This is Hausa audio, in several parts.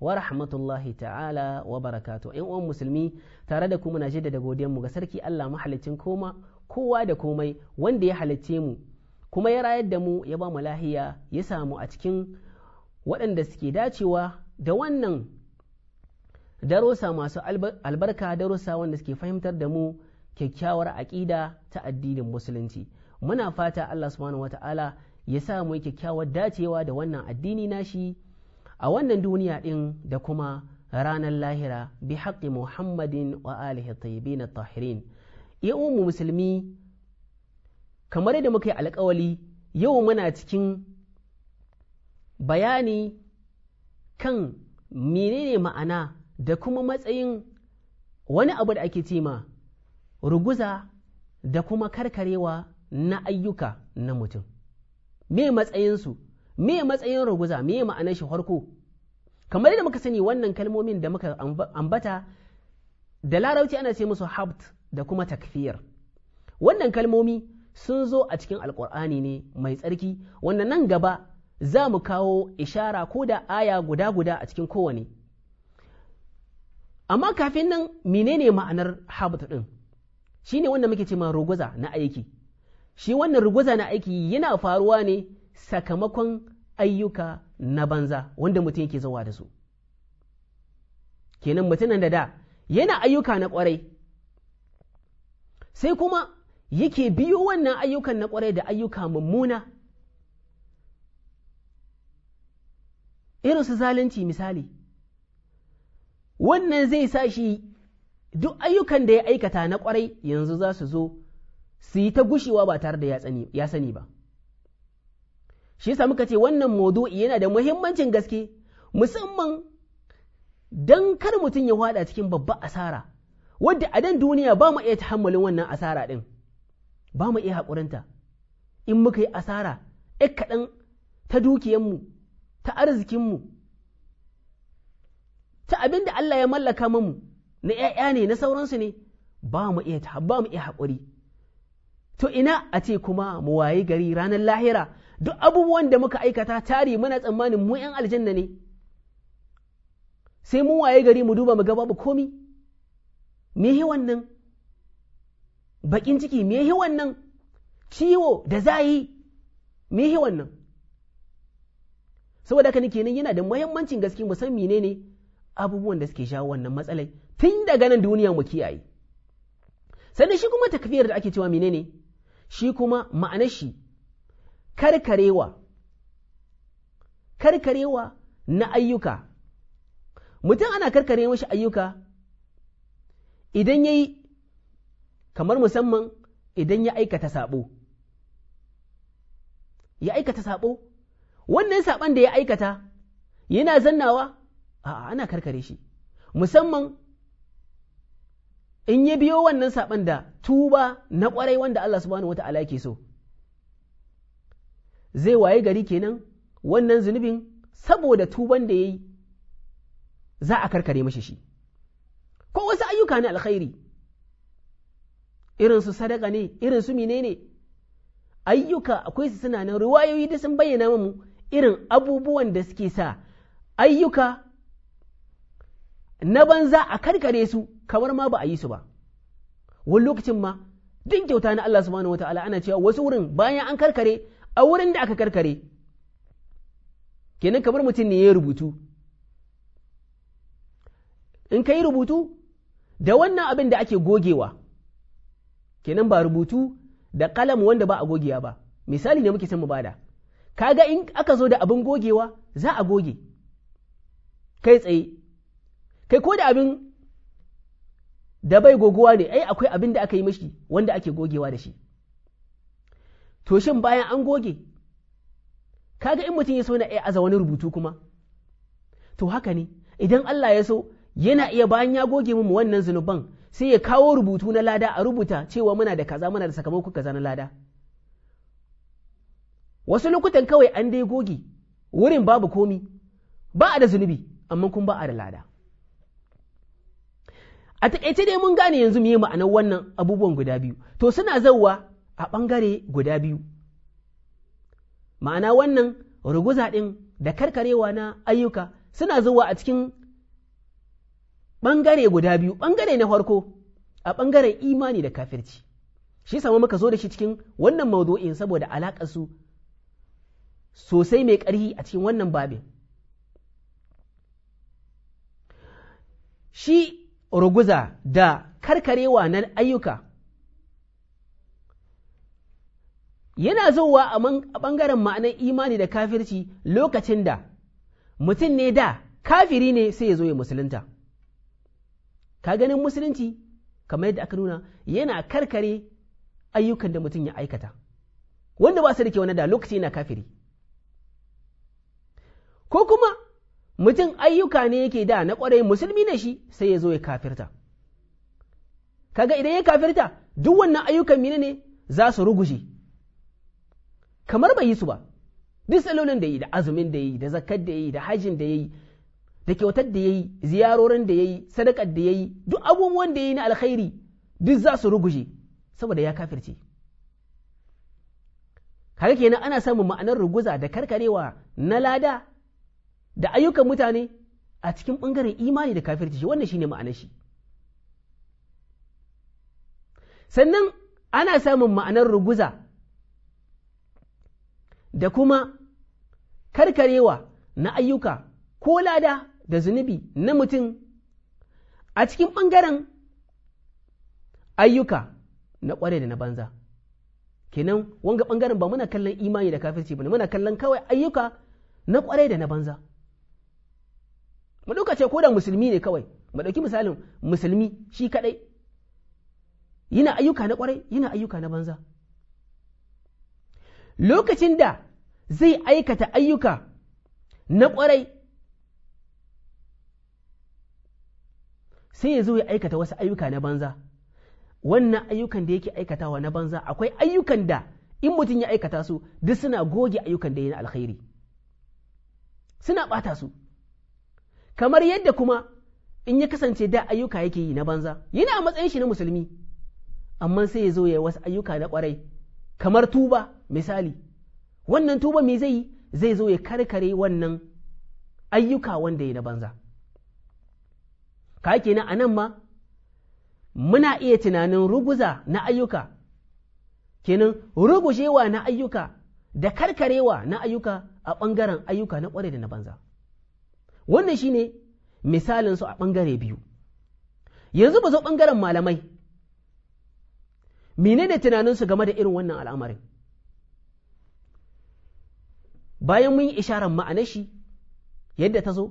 wa rahmatullahi ta'ala wa barakatu in uwan musulmi tare da kuma na da godiyar mu ga sarki Allah mahalicin koma kowa da komai wanda ya halicce mu kuma ya rayar da mu ya ba mu lahiya ya samu a cikin waɗanda suke dacewa da wannan darussa masu albarka darussa wanda suke fahimtar da mu kyakkyawar aƙida ta addinin musulunci muna fata Allah subhanahu wata'ala ya sa mu kyakkyawar dacewa da wannan addini nashi a wannan duniya ɗin da kuma ranar lahira bi haƙƙi muhammadin wa alihi na tahirin ya mu musulmi kamar yadda muka yi alƙawali yau muna cikin bayani kan menene ma'ana da kuma matsayin wani abu da ake cima ruguza da kuma karkarewa na ayyuka na mutum me matsayinsu me matsayin ruguza me ma'anar shi farko kamar yadda muka sani wannan kalmomin da muka ambata da larauci ana ce musu habt da kuma takfir wannan kalmomi sun zo a cikin alkur'ani ne mai tsarki wanda nan gaba za mu kawo ishara ko da aya guda-guda a cikin kowane amma kafin nan menene ma'anar habt din shine wanda muke ce ma ruguza na aiki shi wannan ruguza na aiki yana faruwa ne sakamakon ayyuka na banza wanda mutum yake zawa da su kenan mutumin da da yana ayyuka na kwarai sai kuma yake biyo wannan ayyukan na kwarai da ayyuka mummuna irin su zalunci misali wannan zai sa shi duk ayyukan da ya aikata na kwarai yanzu za su zo su yi ta gushewa ba tare da ya sani ba shi yasa muka ce wannan maudu'i yana da muhimmancin gaske musamman dan kar mutum ya hada cikin babba asara wadda a dan duniya ba mu iya tahammalin wannan asara din ba mu iya haƙurinta in muka yi asara ɗan kaɗan ta dukiyanmu ta arzikinmu ta abin da Allah ya mallaka mamu na ‘ya'ya ne na sauransu ne ba mu iya ba mu iya haƙuri to ina a ce kuma mu waye gari ranar lahira duk abubuwan da muka aikata tari muna tsammanin mu ‘yan aljanna ne, sai mu waye gari mu duba mu ga babu komi, me wannan bakin ciki, me wannan ciwo da zayi, me wannan saboda haka nake nan yana da muhimmancin gaske mu san menene abubuwan da suke jawo wannan matsalai tun daga nan duniya mu kiyaye sannan shi kuma tafiyar da ake cewa menene shi kuma ma'anar shi karkarewa karkarewa na ayyuka mutum ana karkare mashi ayyuka idan ya yi kamar musamman idan ya aikata sabo ya aikata sabo wannan saban da ya aikata yana zannawa a'a ana karkare shi musamman in ya biyo wannan saban da tuba na kwarai wanda Allah subhanahu ta’ala ke so zai waye gari kenan wannan zunubin saboda tuban da ya yi za a karkare mashi shi ko wasu ayyuka na alkhairi irin sadaka ne irin su menene ayyuka akwai su suna nan riwayoyi da sun bayyana mu irin abubuwan da suke sa ayyuka na banza a karkare su kamar ma ba a yi su ba wani lokacin ma duk kyauta na Allah subhanahu wataala ana cewa wasu wurin bayan an karkare a wurin da aka karkare kenan kamar mutum ne ya rubutu in ka yi rubutu da wannan abin da ake gogewa kenan ba rubutu da kalam wanda ba a gogewa ba misali ne muke san mu bada kaga in aka zo da abin gogewa za a goge kai tsaye kai ko da abin da bai gogowa ne ai akwai abin da aka yi mashi wanda ake gogewa da shi to shin bayan an goge kaga in mutum ya so na a aza wani rubutu kuma to haka ne idan Allah ya so yana iya bayan ya goge mu wannan zunuban sai ya kawo rubutu na lada a rubuta cewa muna da kaza muna da sakamako kaza na lada wasu lokutan kawai an dai goge wurin babu komi ba a da zunubi amma kun ba a da lada a takaice dai mun gane yanzu mu yi ma'anar wannan abubuwan guda biyu to suna zauwa a ɓangare guda biyu ma'ana wannan ruguza ɗin da karkarewa na ayyuka suna zuwa a cikin ɓangare guda biyu bangare na farko a ɓangaren imani da kafirci shi sama muka zo da shi cikin wannan maudu'in saboda su sosai mai ƙarfi a cikin wannan babin shi ruguza da karkarewa na ayyuka yana zowa a bangaren ma'anar imani da kafirci lokacin da mutum ne da kafiri ne sai ya zo ya musulunta ka ganin musulunci kamar yadda aka nuna yana karkare ayyukan da mutum ya aikata wanda ba su da wani da lokaci yana kafiri ko kuma mutum ayyuka ne yake da na kwarai musulmi ne shi sai ya zo ya kafirta kaga idan ya kafirta duk wannan ayyukan mine ne za su ruguje kamar bai yi su ba duk salolin da yi da azumin da yi da zakat da yi da hajin da yi da kyautar da yi ziyarorin da yi sadakar da yi duk abubuwan da yi na alkhairi duk za su ruguje saboda ya kafirce kaga kenan ana samun ma'anar ruguza da karkarewa na lada da ayyukan mutane a cikin bangaren imani da kafirci shi wannan shine ma'anar shi sannan ana samun ma'anar ruguza da kuma karkarewa na ayyuka ko lada da zunubi na mutum a cikin ɓangaren ayyuka na ƙware da na banza kenan wanga ɓangaren ba muna kallon imani da kafirci ba muna kallon kawai ayyuka na ƙware da na banza mu ɗauka ce ko da musulmi ne kawai mu ɗauki misalin musulmi shi kaɗai yana ayyuka na ƙware yana ayyuka na banza lokacin da zai aikata ayyuka na ƙwarai sai ya zo ya aikata wasu ayyuka na banza wannan ayyukan da yake aikatawa na banza akwai ayyukan da in mutum ya aikata su duk suna goge ayyukan da ya na alkhairi suna ɓata su kamar yadda kuma in ya kasance da ayyuka yake yi na banza yana a matsayin shi na musulmi amma sai ya zo ya wasu ayyuka na kwarai kamar tuba misali wannan tuba me zai yi zai zo ya karkare wannan ayyuka wanda ya na banza ka kenan a nan ma muna iya tunanin ruguza na ayyuka kenan rugujewa na ayyuka da karkarewa na ayyuka a ɓangaren ayyuka na ƙware da na banza wannan shine su a ɓangare biyu yanzu ba zo ɓangaren malamai menene tunanin su game da irin wannan al'amarin bayan mun yi isharar ma'anar shi yadda ta zo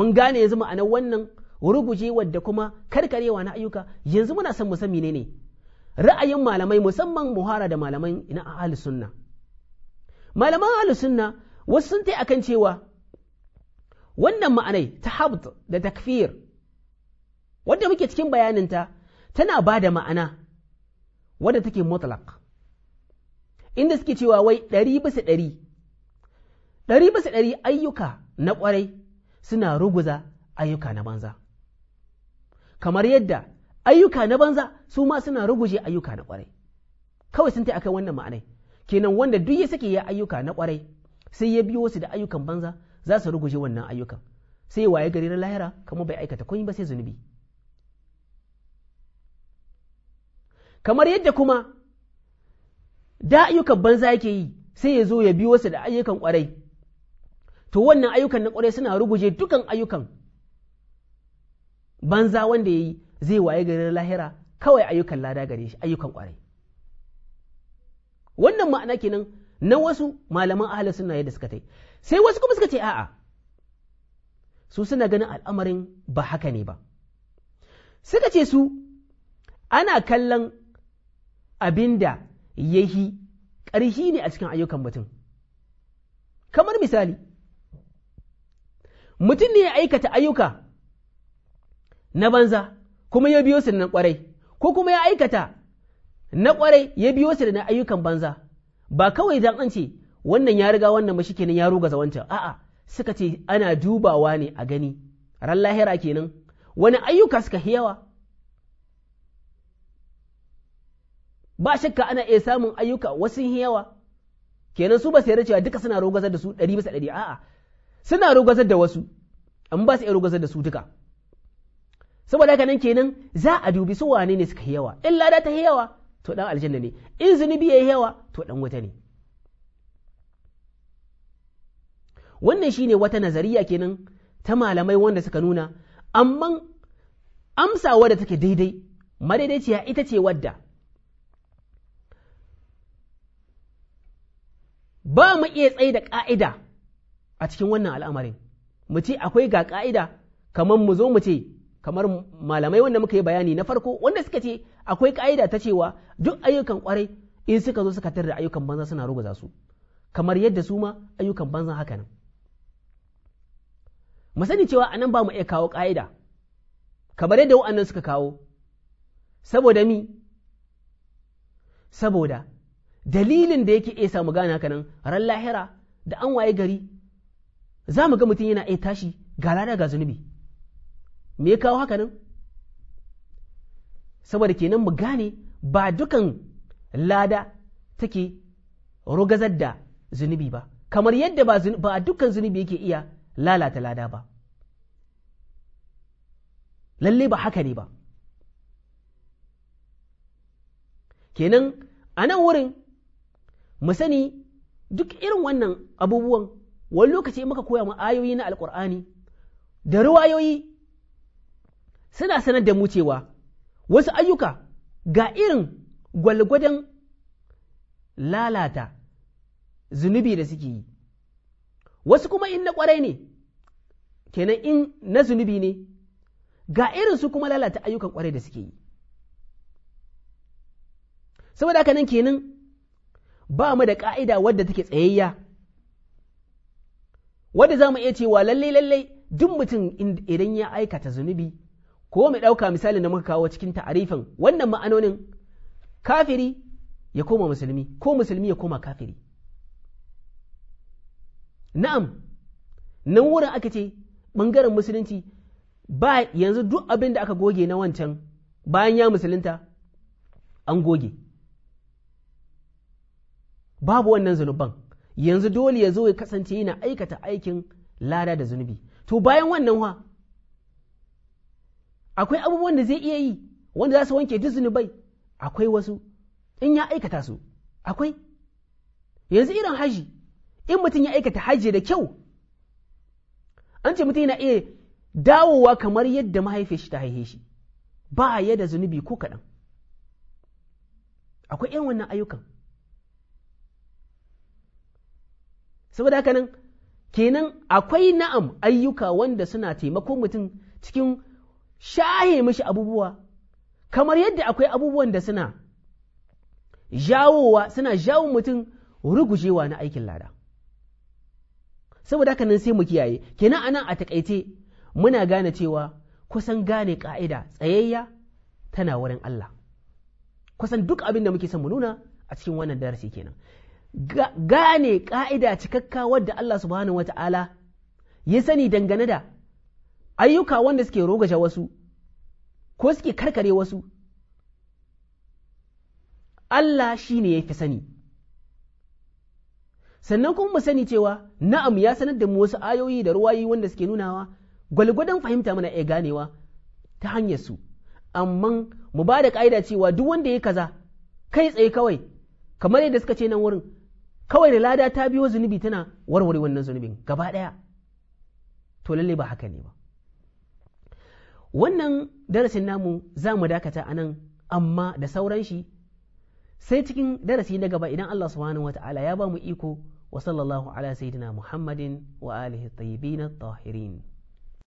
mun gane yanzu ma'anar wannan ruguje wadda kuma karkarewa na ayyuka yanzu muna san mu san menene ra'ayin malamai musamman muhara da malaman na ahli sunna malaman ahli sunna wasu sun tai akan cewa wannan ma'anai ta habd da takfir wadda muke cikin bayanin ta tana ba da ma'ana wadda take mutlaq inda suke cewa wai ɗari bisa ɗari ɗari bisa ɗari ayyuka na ƙwarai suna ruguza ayyuka na banza kamar yadda ayyuka na banza su ma suna ruguje ayyuka na ƙwarai kawai sun ta akan wannan ma'anai kenan wanda duk ya sake ya ayyuka na ƙwarai sai ya biyo su da ayyukan banza za su ruguje wannan ayyukan sai waye gari na lahira kamar bai aikata komai ba sai zunubi kamar yadda kuma da ayyukan banza yake yi sai ya zo ya bi wasu da ayyukan kwarai to wannan ayyukan na kwarai suna ruguje dukan ayyukan banza wanda ya yi zai waye garin lahira kawai ayyukan lada gare shi ayyukan kwarai wannan ma'ana kenan na wasu malaman ahli suna yadda suka tai sai wasu kuma suka ce a'a su suna ganin al'amarin ba haka ne ba suka ce su ana kallon abinda yahi ƙarhi ne a cikin ayyukan mutum kamar misali mutum ne ya aikata ayyuka na banza kuma ya biyo su da na kwarai ko kuma ya aikata na kwarai ya biyo su da na ayyukan banza ba kawai dan an ce wannan ya riga wannan ba mashi kenan ya ruga zawanta. a'a suka ce ana dubawa ne a gani ran lahira kenan wani ayyuka suka yawa ba shakka ana iya samun ayyuka wasu yawa kenan su ba su yarda cewa duka suna rogazar da su ɗari bisa ɗari a'a suna rogazar da wasu amma ba su iya rogazar da su duka saboda haka nan kenan za a dubi su wane ne suka yi yawa in lada ta yi yawa to dan aljanna ne in zunubi ya yi yawa to dan wata ne wannan shine wata nazariya kenan ta malamai wanda suka nuna amma amsawa da take daidai madaidaiciya ita ce wadda ba mu iya tsaye da ƙa'ida a cikin wannan al'amarin mu ce akwai ga ƙa'ida kamar mu zo mu ce kamar malamai wanda muka yi bayani na farko wanda suka ce akwai ƙa'ida ta cewa duk ayyukan ƙwarai in suka zo suka tar ayyukan banza suna ruguza su kamar yadda su ma ayyukan banza haka nan mu sani cewa anan ba mu iya kawo ƙa'ida kamar yadda wa'annan suka kawo saboda mi saboda dalilin da yake iya mu gane haka nan ran lahira da an waye gari za mu ga mutum yana iya tashi ga lada ga zunubi me ya kawo haka nan saboda kenan mu gane ba dukan lada take rugazar da zunubi ba kamar yadda ba dukan zunubi yake iya lalata lada ba lalle ba haka ne ba kenan a nan wurin mu sani duk irin wannan abubuwan wani lokaci muka koya mu ayoyi na alkur'ani da ruwayoyi suna sanar da mu cewa wasu ayyuka ga irin gwalgwadon lalata zunubi da suke yi wasu kuma in na kwarai ne kenan in na zunubi ne ga irin su kuma lalata ayyukan kwarai da suke yi saboda haka nan kenan ba mu da ƙa'ida wadda take tsayayya wadda za mu iya cewa lallai lallai duk mutum idan ya aikata zunubi ko mu ɗauka misalin da muka kawo cikin ta'arifin wannan ma'anonin kafiri ya koma musulmi ko musulmi ya koma kafiri na'am nan wurin aka ce ɓangaren musulunci ba yanzu duk abin da aka goge na wancan bayan ya musulunta an goge babu wannan zunuban yanzu dole ya zo ya kasance yana aikata aikin lada da zunubi to bayan wannan wa akwai abubuwan da zai iya yi wanda za su wanke duk zunubai akwai wasu in ya aikata su akwai yanzu irin haji in mutum ya aikata haji da kyau an ce mutum yana iya dawowa kamar yadda mahaifiyar shi ta haife shi ba a yadda zunubi ko kaɗan akwai irin wannan ayyukan saboda haka nan kenan akwai na'am ayyuka wanda suna taimako mutum cikin shahe mishi abubuwa kamar yadda akwai abubuwan da suna jawowa suna jawo mutum rugujewa na aikin lada saboda haka nan sai mu kiyaye kenan anan a takaice muna gane cewa kusan gane ka'ida tsayayya tana wurin Allah kusan duk abin da muke son mu nuna a cikin wannan darasi kenan gane ka'ida cikakka wadda Allah subhanahu wata'ala ya sani dangane da ayyuka wanda suke rogaje wasu ko suke karkare wasu Allah shi ne ya fi sani sannan kuma mu sani cewa na'am ya sanar da mu wasu ayoyi da ruwayi wanda suke nunawa gwalgwadon fahimta mana iya ganewa ta hanyar su amma mu ba da ka'ida cewa duk wanda ya kaza kai tsaye kawai kamar yadda suka ce nan wurin kawai da lada ta biyo zunubi tana warware wannan zunubin gaba ɗaya to lalle ba haka ne ba wannan darasin namu za mu dakata a nan amma da sauran shi sai cikin darasi na gaba idan Allah subhanahu wata'ala ya ba mu iko wa sallallahu ala sayyidina Muhammadin wa alihi tayyibin tahirin